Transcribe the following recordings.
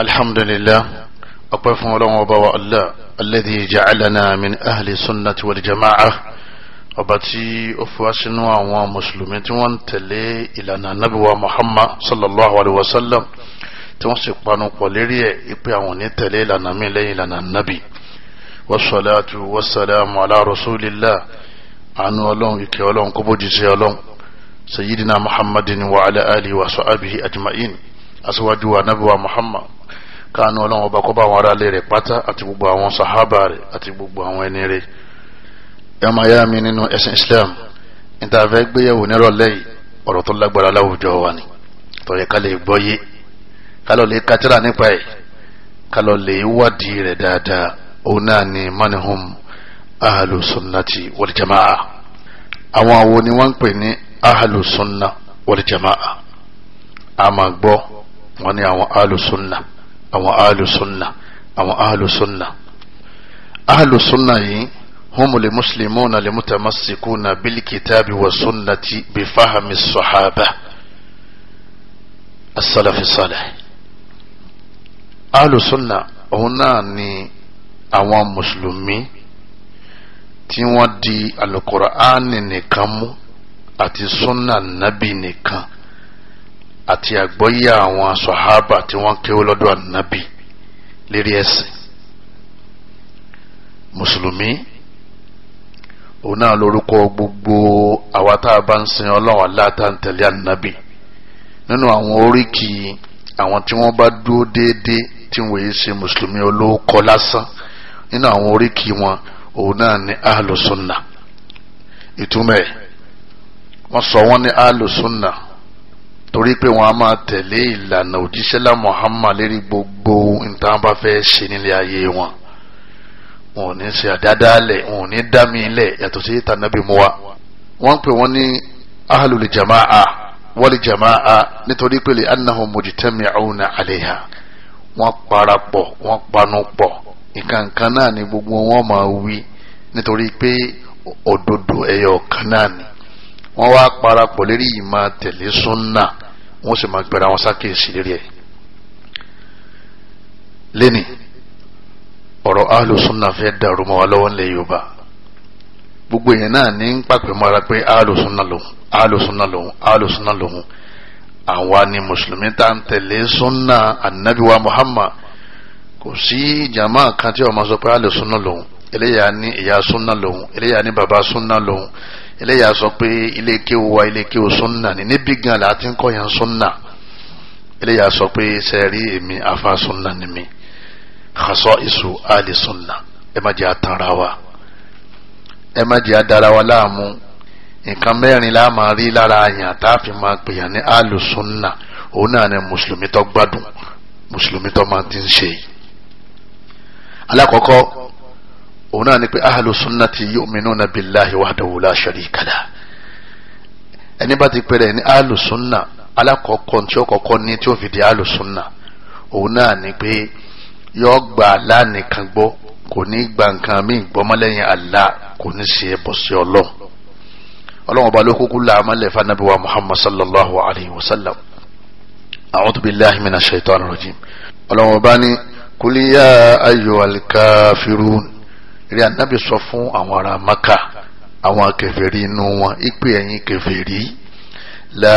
الحمد لله أقف ولو وبوا الله الذي جعلنا من أهل السنة والجماعة وباتي أفواسنا ومسلمين وانتلي إلى نبوة محمد صلى الله عليه وسلم تنسي قانو قوليري إبيا ونتلي لنا من ليلة النبي والصلاة والسلام على رسول الله عنو الله إكي الله كبوجي سيدنا محمد وعلى آله وصحبه أجمعين أسواجه نبوة محمد káànú ọlọ́run ọba kó bá àwọn aráalé rẹ̀ pátá àti gbogbo àwọn sahaba rẹ̀ àti gbogbo àwọn ẹni rẹ̀ ẹ máa mi nínú ẹ̀sìn Islam ìtàfẹ́ gbéyàwó nírọ̀lẹ́ yìí ọ̀rọ̀ tó lágbára láwùjọ wa ni tọ̀yẹ ká lè gbọ́ yé ká lọ lè katira nípa ẹ̀ ká lọ lè wádìí rẹ̀ dáadáa òun náà ni manihum ahlu sunnati wal jamaa àwọn àwo ni wọ́n ń pè ní ahlu sunna wal jamaa a máa gbọ́ wọn ni àwọn ahlu sunna àwọn alùsùnà àwọn alùsùnà alùsùnà yìí humul muslimuna almutamassikuna bilkitabi wa sunnati bifahami sahaba asalafi salih alùsùnà òun náà ni àwọn mùsùlùmí tí wọ́n di alukuraani nìkan mú àti sunna nabi nìkan. àti àgbọ́yé àwọn sọ̀hábà tí wọ́n lọ́dọ̀ ànábì lérí ẹ̀sìn mùsùlùmí òun náà gbogbo àwa tá a bá ń sin ọlọ́run aláta ànábì nínú àwọn oríkì àwọn tí wọ́n bá dúró déédéé tí wọ́n yìí ṣe mùsùlùmí olóòkọ lásán nínú àwọn oríkì wọn òun torí pé wọn a máa tẹ̀lé ìlànà òjíṣẹ́lá Muhammad lérí gbogbo nǹkan bá fẹ́ ṣe nílé ayé wọn wọn ò ní ṣe àdádálẹ̀ wọn ò ní dá mi lẹ̀ yàtọ̀ sí tànàbí mu wa wọ́n pè wọ́n ní ahlul jama'a wal jama'a nítorí pé lè annahum mujtami'una 'alayha wọ́n parapọ̀ wọ́n panu pọ̀ nǹkan náà ni gbogbo wọn máa wí nítorí pé òdodo ẹ̀yọ̀ kan náà ni wọ́n wá parapọ̀ lérí ìmọ̀ tẹ̀lé súnà wọ́n sì máa gbẹ̀rẹ̀ àwọn sákèsì lérí ẹ̀ lẹ́ni ọ̀rọ̀ alùsùnà fẹ́ dàrú mọ́ wa lọ́wọ́ nílẹ̀ yorùbá gbogbo èèyàn náà ní ń pàpẹ́ mọ́ra pé alùsùnà lòun alùsùnà lòun alùsùnà lòun àwa ni mùsùlùmí tá ń tẹ̀lé sunna anabiwa muhammad kò sí jama kan tí ó máa sọ pé alùsùnà lòun eléyà ní ìyá súnà lòun eléyà ní bàbá súnà lòun eléyà sọ pé ilé kéwu wa ilé kéwu súnà ní níbí gan la ti ń kọ́ yẹn súnà eléyà sọ pé sẹ́ẹ̀rí èmi afa súnà ni mi xasọ isu ali súnà ẹ má jẹ́ àtàrà wa ẹ má jẹ́ àdára wa láàmú nǹkan mẹ́rin la máa rí lára àyàn tá a fi máa pè yàn ní alu súnà òun náà ni mùsùlùmí tó gbádùn mùsùlùmí tó máa ti ń ṣe alákọ̀ọ́kọ́ òun náà ni pé ahlu sunnati yu'minuna billahi wahdahu la sharika lah ẹni bá ti pẹ́rẹ́ ní ahlu sunna alákọ̀ọ́kọ́ tí ó kọ́kọ́ ní tí ó fi di ahlu sunna òun náà ni pé yọ gba Allah nìkan gbọ́ kò ní gba nǹkan mí gbọ́mọlẹ́yìn Allah kò ní ṣe bọ̀ sí ọlọ́run ọlọ́run ọba ló la amálẹ̀ fanabi muhammad sallallahu alayhi wa sallam a'udhu billahi minash shaitanir rajim ọlọ́run ọba ní kul ya ayyuhal rí anábì sọ fún àwọn ará maka àwọn kèfèrí inú wọn ìpè ẹ̀yin kèfèrí la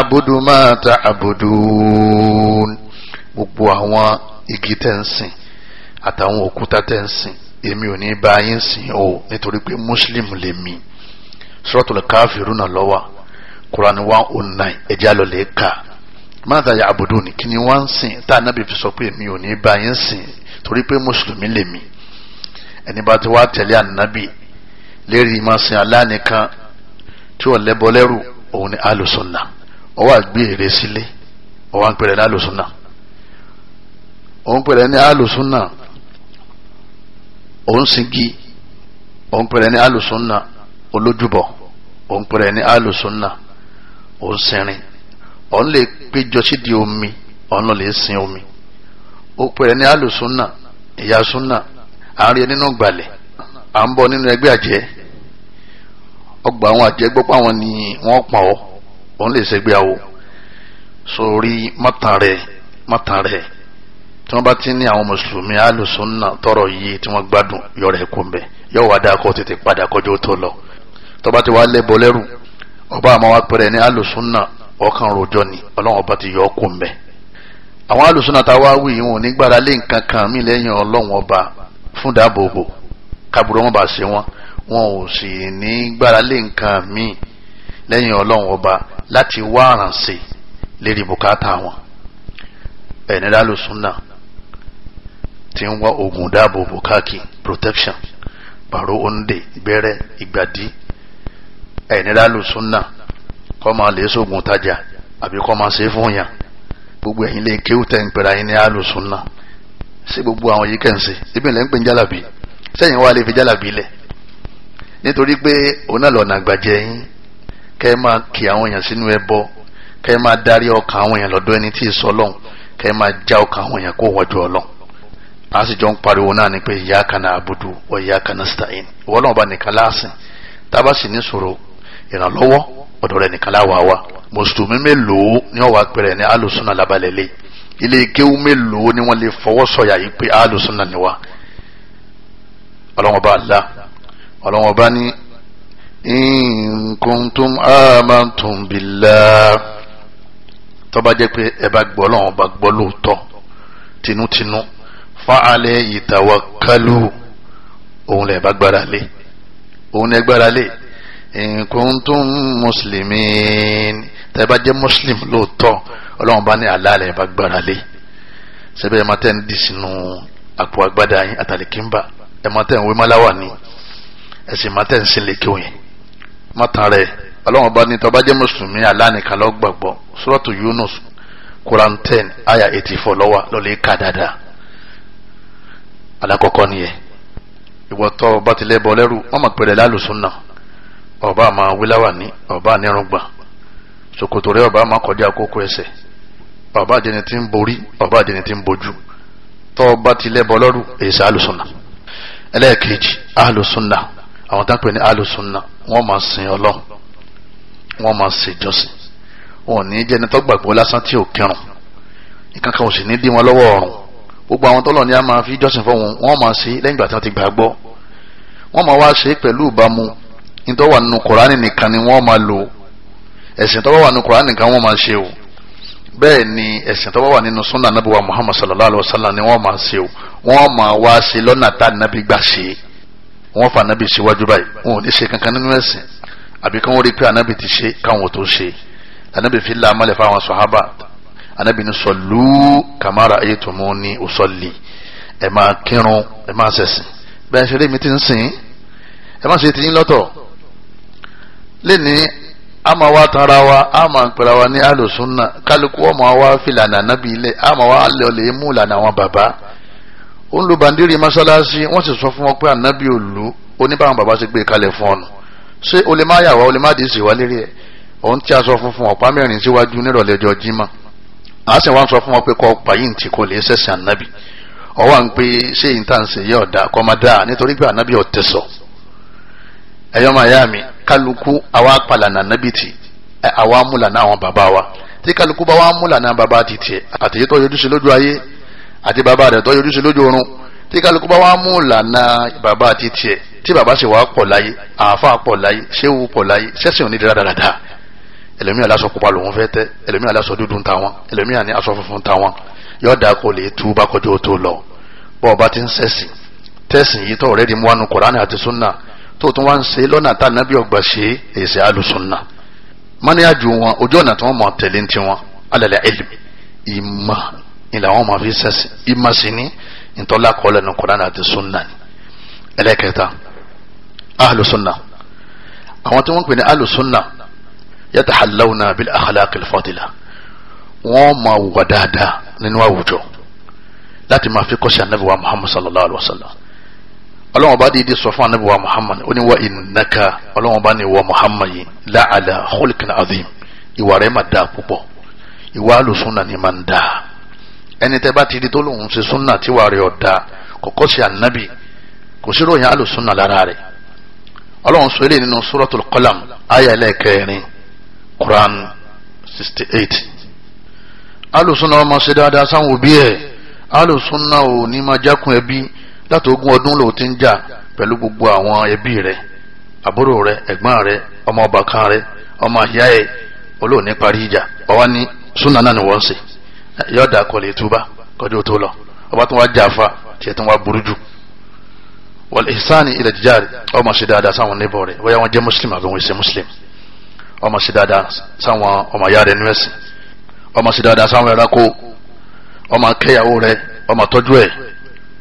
àbùdù máa ta abudu, gbogbo àwọn igi tẹ́ ń sìn àtàwọn òkúta tẹ́ èmi ò ní bá yín sìn o nítorí pé muslim lè mi suratul kafirun náà lọ́wọ́ quran one oh nine ẹ̀jẹ̀ àlọ́ lè kà máta ya abudu ni kí ni wọ́n ń sìn tá ànábì fi sọ pé èmi ò ní bá yín sìn torí pé mùsùlùmí lè mi ẹni bá ti wá tẹ̀lé ànábì lérí máa sin aláàníkan tí wọ́n lẹ́bọ lẹ́rù òun ni alùsùnà ọwọ́ àgbé èrè sílé ọwọ́ ń pèrè ní alùsùnà òun pèrè ní alùsùnà òun singi òun pèrè ní alùsùnà olójúbọ òun pèrè ní alùsùnà òun sinrin òun lè péjọ sídìí omi òun lè sin omi ó pèrè ní alùsùnà ìyá sùnà a ń rí nínú gbalẹ̀ a ń bọ̀ nínú ẹgbẹ́ àjẹ́ ọgbà àwọn àjẹ́ gbọ́ ni wọ́n pa ọ́ òun lè ṣègbè àwò sórí rẹ̀ rẹ̀ tí wọ́n bá ti ní àwọn tọrọ yìí tí wọ́n gbádùn yóò wá tètè padà lọ tó bá ti wá lẹ́rù ọba àmọ́ wa pẹ̀rẹ̀ ní alùsùnà ọkàn rojọ́ ni ọlọ́run ọba ti yọ ọkùn mbẹ àwọn alùsùnà tá a wá kan mí lẹ́yìn ọba fún dáàbòbò kábùrò wọn bá ṣe wọn wọn ò sì ní gbára lé nǹkan míì lẹ́yìn ọlọ́run ọba láti wá àrànṣe lérí bùkátà wọn ẹni ti ń wá oògùn dáàbòbò káàkiri protection pàrọ̀ oúnjẹ ìbẹ̀rẹ̀ ìgbàdí ẹni lálùsúnà kọ́ máa lè sóògùn tajà àbí kọ́ máa ṣe fún yàn gbogbo ẹ̀yin lè kéwù tẹ̀ ń pera yín ní àlùsúnà sí gbogbo àwọn yìí kẹ́ǹsì ibi ìlẹ̀ ń pè ń jálàbí sẹ́yìn wa lè fi jálàbí lẹ̀ nítorí pé òun náà lọ́nà àgbàjẹ́ yín kẹ́ ẹ máa kí àwọn èèyàn sínú ẹbọ kẹ́ ẹ máa darí ọkàn àwọn èèyàn lọ́dọ̀ ẹni tí ì sọ lọ́hùn kẹ́ ẹ máa já ọkàn àwọn èèyàn kó wọ́n ju ọlọ́hùn a sì jọ ń pariwo náà ni pé ìyá kan náà abudu wọ ìyá kan náà stain ìwọ náà bá nìkan láàsìn tá a bá sì ní ṣòro ìrànlọ́wọ́ ọ̀dọ̀ rẹ̀ nìkan láwàá wa mùsùlùmí mélòó ni wọ́n wá pẹ̀rẹ̀ ní alùsùn náà lábalẹ̀ lẹ́yìn ilé kéwú mélòó ni wọ́n lè fọwọ́ sọ̀yà yìí pé alùsùnà ni wá ọlọ́wọ́n bá la ọlọ́wọ́n bá ní in kuntum amantum billah tó bá jẹ́ pé ẹ bá gbọ́ ọlọ́wọ́n bá gbọ́ lóòótọ́ tinútinú fa alayhi tawakkalu òun lè bá gbára lé òun lè gbára lé in kuntum muslimin tẹ́ bá jẹ́ muslim lóòótọ́ ọlọ́run bá ní àlàálẹ̀ bá gbára lé sẹ́bẹ̀ ẹ̀ máa tẹ́ ń dì sínú àpò agbádá yín àtàlẹ́kínbà ẹ̀ máa tẹ́ ń wé máláwà ní ẹ̀ sì máa tẹ́ ń sílé kí òyìn má tàn rẹ̀ ọlọ́run bá ní tọ́ba mùsùlùmí àlánìkan lọ́ gbàgbọ́ suratu Yunus Quran ten aya eighty four lọ́wọ́ lọ́lẹ́ ká dáadáa alákọ̀ọ́kọ́ nìyẹn ìwọ tó ọba tilẹ̀ bọ lẹ́rù wọ́n máa pẹ̀lẹ́ lálùsùn náà ọba máa wíláwà ní ọba nírùngbà ṣòkòtò rẹ̀ ọba máa kọjá kókó ẹsẹ̀ bàbá àdẹni tí ń borí bàbá àdẹni tí ń bojú tọ́ ọba ti lẹ́bọ̀ lọ́rù èsì alùsùnà ẹlẹ́ẹ̀kejì alùsùnà àwọn táǹpẹ̀ ní alùsùnà wọ́n máa sin ọlọ́run wọ́n máa ṣe ìjọsìn wọn ò ní jẹ́ ẹni tó gbàgbọ́ lásán tí ò kírun nǹkan kan ò sì ní dí wọn lọ́wọ́ ọ̀run gbogbo àwọn tọ́lọ̀ ní a máa fi ìjọsìn fún wọ́n máa ṣe lẹ́yìn ìgbà tí wọ́n ti gbàgbọ́ wọ́n máa wá ṣe pẹ̀lú ìbámu nítorí wà nínú kùránì nìkan ni wọ́n máa lò ẹ̀sìn tó wà nínú kùránì nìkan wọ́n máa ṣe o bẹ́ẹ̀ ni ẹ̀sìn tó bá wà nínú sunna nabi wa muhammad sallallahu alayhi wa sallam ni wọ́n máa ṣe o wọ́n máa wá ṣe lọ́nà tá nabi gbà ṣe wọ́n fa nabi síwájú báyìí wọn ò ní ṣe kankan nínú ẹ̀sìn àbí kí wọ́n rí pé anabi ti ṣe káwọn tó ṣe anabi fi la amálẹ̀ fáwọn sọ̀hábà anabi ni sallu kama ra'aytumuni usalli ẹ̀ máa kírun ẹ̀ máa ṣẹ̀sìn bẹ́ẹ̀ ṣe lé mi ti ń sìn ẹ̀ máa ṣe ti yín lọ́tọ̀ lé ní a máa wá tanra wa a máa pera wa ní alùsùnà kálukú wọn máa wá filànà nábì ilẹ̀ a máa wá lọ lè mú ìlànà àwọn bàbá ó ń lu bàndírì mọ́sálásí wọ́n sì sọ fún wọn pé ànábì òlu oníbàwọn bàbá ti gbé e kalẹ̀ fún ọ̀nà ṣé o lè má yà wá o lè má dì í sì wá lérí ẹ̀ òun tí a sọ fún fún ọ̀pá mẹ́rin síwájú nírọ̀lẹ́ ọjọ́ jimá a sì wá sọ fún wọn pé kọ́ pàyín tí kò lè ṣẹ̀ṣẹ̀ ànábì ọwọ́ à ń pé ṣé ìtànṣe yẹ ọ̀dà kọ́ máa dáa nítorí pé ànábì ọ̀tẹ̀sọ̀ ẹ̀yọ́ máa yá mi kálukú àwa palànà nábì tì àwa na àwọn bàbá wa tí kálukú bá wa na bàbá ti ati àtẹ̀yẹ tó yọjú sí lójú ayé àti bàbá rẹ̀ tó yọjú sí lójú ọ̀run tí kálukú bá wa múlànà bàbá ti tiẹ̀ tí bàbá sì wà pọ̀ láyé àáfà pọ̀ láyé ṣéwù pọ̀ láyé sẹ́sìn òní dáradára ẹlòmíràn aláṣọ pupa lòun fẹ́ tẹ́ ẹlòmíràn aláṣọ dúdú ń ta wọn ẹlòmíràn ní aṣọ funfun ń ta wọn yọ̀ọ́dà kò lè tú bákọ́jọ́ tó lọ bọ́ọ̀ bá ti ń sẹ́sìn tẹ́sìn yìí tó ọ̀rẹ́dì mú wánu kọ̀ránì àti súnà tó tún wá ń ṣe lọ́nà tá nàbí ọgbà ṣe èsì alùsùnà mọ́níyàjú wọn ojú ọ̀nà tí wọ́n mọ̀ tẹ̀lé ń tiwọn alẹ́lẹ́ ẹ̀lì ìmọ̀ ìlà wọn mọ̀ fi sẹ́sìn ìmọ̀ sí ní ìtọ́lá kọ́lẹ̀ ní Kùránì àti sunna ni ẹlẹ́kẹta alùsùnà àwọn tí wọ́n pè ní alùsùnà yatahallawna bil akhlaqil fadila wọ́n máa wà dáadáa nínú àwùjọ láti máa fi kọ́ṣẹ́ ànábì wa Muhammad sallallahu alaihi wa sallam ọlọ́wọ́n bá dìde sọ fún anabi muhammad ó ní wa ìnaka ọlọ́wọ́n bá ní wa muhammad yìí láàlà hulkin azim ìwà rẹ̀ máa dáa púpọ̀ ìwà alùsùnà ni máa ń dáa ẹni tẹ́ bá ti di tó lòun ṣe súnà tíwà rẹ̀ ọ̀dà kọ̀kọ́ sí anabi kò sí ròyìn alùsùnà lára rẹ̀ ọlọ́wọ́n sọ eléyìí nínú suratul qalam aya ẹlẹ́kẹrin quran sixty eight alùsùnà ọmọ ṣe dáadáa sáwọn òbí ẹ̀ alùsùnà ò ní máa jákun ẹbí láti ogún ọdún ló ti ń jà pẹ̀lú gbogbo àwọn ẹbí rẹ àbúrò rẹ ẹ̀gbọ́n rẹ ọmọ kan rẹ ọmọ àyà ẹ olóòní parí ìjà ọwọ́ ní súnà náà ni wọ́n ń ṣe yọ̀ọ̀dà kò lè túbà kọjú tó lọ ọba tó wá jà fa tiẹ̀ tó wá burú jù wal ihsani ila jari ọmọ ṣe dáadáa sáwọn níbọ̀ wọ́n yà wọ́n muslim àbí wọ́n ṣe muslim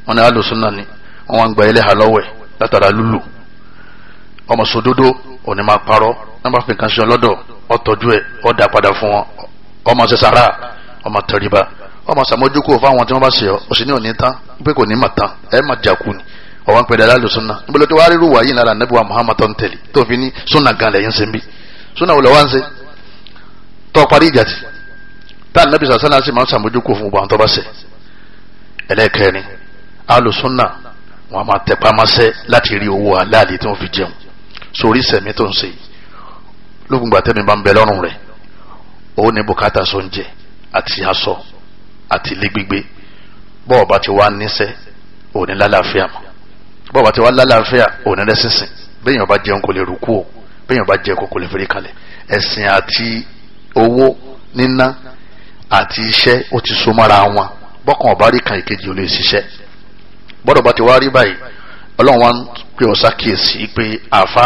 wọn ni alùsùnà ni wọn wá ń gba ẹlẹ́hà lọ́wọ́ ẹ̀ látara lùlù ọmọ sòdodo òní máa parọ́ nígbà pé nǹkan ṣe ọlọ́dọ̀ ọ̀tọ́jú ẹ̀ ọ̀dà padà fún wọn ọmọ ṣe ọmọ tẹríba ọmọ ṣàmójúkò fáwọn tí wọ́n bá ṣe ọ òsì ní òní tán pé kò ní mà tán ẹ má jàkú ni ọwọ́ ń pẹ̀lẹ́ alùsùnà níbole tó wá rírù wàyí lára nẹ́bùwà Muhammad tó ń tẹ̀lé tó fi ní súnà gan lẹ́yìn ṣe ń bí súnà òlò wá ń ṣe tó parí ìjà tí táà nẹ́bí sàṣánà sì máa ń fún gbogbo alùsùnà wọn a máa tẹpá mọ́sẹ́ láti rí owó aláàlì tí wọ́n fi jẹun sórí sẹ̀mí tó ń ṣe lóògùngbà tẹ́mi bá ń bẹ lọ́rùn rẹ̀ ó ní bùkátà sóúnjẹ àti aṣọ àti ilé gbígbé bọ́ọ̀ bá ti wá níṣẹ́ òní lálàáfíà mọ́ bọ́ọ̀ bá ti wá lálàáfíà òní lẹ́sìnsìn béèyàn bá jẹun kò lè rúkú o béèyàn bá jẹun kò lè fèrè kalẹ̀ ẹ̀sìn àti owó níná àti iṣẹ́ ó ti so mọ́ra wọn bọ́kàn ọ̀bá rí kan ìkejì ò lè ṣiṣẹ́ bọ́dọ̀ bá ti wá rí báyìí ọlọ́run wa ń pè ọ́ sákìyèsí pé àfa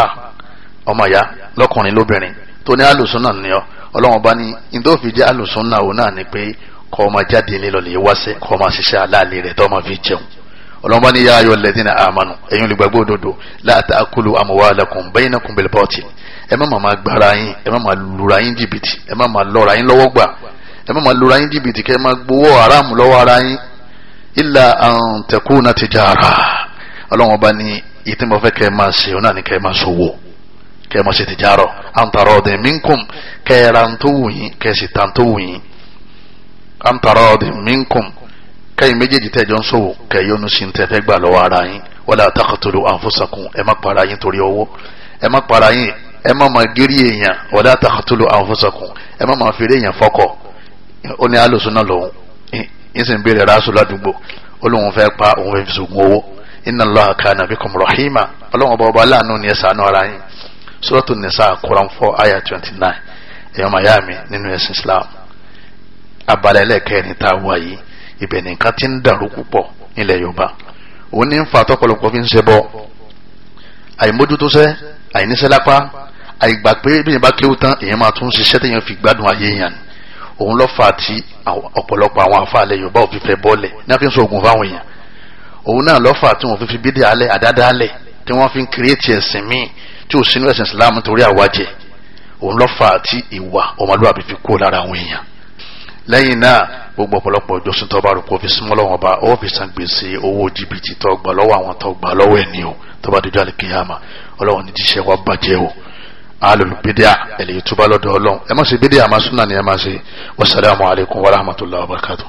ọmọ ìyá lọ́kùnrin lóbìnrin tó ní alùsùnà ni ọ ọlọ́run bá ní ní tó fi jẹ́ alùsùnà òun náà ni pé kọ́ ọmọ jáde nílò lè wáṣẹ́ kọ́ ọmọ ṣiṣẹ́ aláàlẹ́ rẹ̀ tó fi jẹun ọlọ́run bá ní yá ayọ̀ lẹ́dínà àmánù ẹ̀yin olùgbàgbọ́ òdodo la ta'kulu amwalakum bainakum bil batil ẹ má máa gbára yín ẹ má máa lura yín jìbìtì ẹ má máa Ila an takuna tijara ọlọ́run ọba ní ìtí mo fẹ́ kẹ́ ẹ máa ṣe ọ ni kẹ́ ẹ máa ṣòwò kẹ́ ẹ máa ṣe tìjàrọ àǹtàrọ ọdẹ minkum kẹ́ ẹ ra tó wù yín kẹ́ ẹ sì ta tó wù yín àǹtàrọ ọdẹ minkum kẹ́ ẹ méjèèjì tẹ́ ẹ jọ ń ṣòwò kẹ́ ẹ yọnu sí tẹ́ ẹ gbà lọ́wọ́ ara yín wala taqtulu anfusakum ẹ má para yín torí owó ẹ má para yín ẹ má máa gírí èèyàn wala taqtulu anfusakum ẹ má máa fèrè èèyàn fọkọ ó ní alùsùn náà lòun ń sì ń béèrè ráṣù ládùúgbò ó fẹ́ pa òun fẹ́ fi sògùn owó inna Allaha kana bikum rahima ọlọ́run ọba ọba aláàánú ni ẹ ṣàánú ara yín suratu nisa Quran four ayah twenty nine ẹ̀yọ́ mayami nínú ẹ̀sìn Islam abalẹ̀ ẹlẹ́kẹ̀ẹ́ni tá a wà yìí ibẹ̀ nìkan ti ń dàrú púpọ̀ nílẹ̀ Yorùbá òun ní ń fa tọ́pọ̀lọpọ̀ fi ń ṣe bọ́ àìmójútóṣẹ́ àìníṣẹ́ àìgbà pé bí òun lọ fà tí ọ̀pọ̀lọpọ̀ àwọn afáàlẹ̀ yorùbá ò fi fẹ́ bọ́ọ̀lẹ̀ ní wọ́n fi ń so oògùn fáwọn èèyàn òun náà lọ fà tí wọ́n fi fi bídé alẹ́ àdáda alẹ́ tí wọ́n fi ń kírètì ẹ̀sìn míì tí ò sínú ẹ̀sìn islam torí àwájẹ òun lọ fà tí ìwà ọmọlúwàbí fi kú lára àwọn èèyàn lẹ́yìn náà gbogbo ọ̀pọ̀lọpọ̀ ìjọsìn tó bá rò kó fi súnmọ́ lọ́wọ́ ọba ó fi san gbèsè owó jìbìtì tó gbà lọ́wọ́ àwọn tó gbà lọ́wọ́ ẹ̀ ní o tó bá dojú àlè kéèyàn àmà ọlọ́wọ́n ní jíṣẹ́ wa bàjẹ́ o alùlùbídíà ẹ̀lẹ́yìn túbọ̀ lọ́dọ̀ ọlọ́run ẹ má ṣe bídíà máa súnà ni ẹ má ṣe wasalaamualeykum wa rahmatulahi wa barakatu.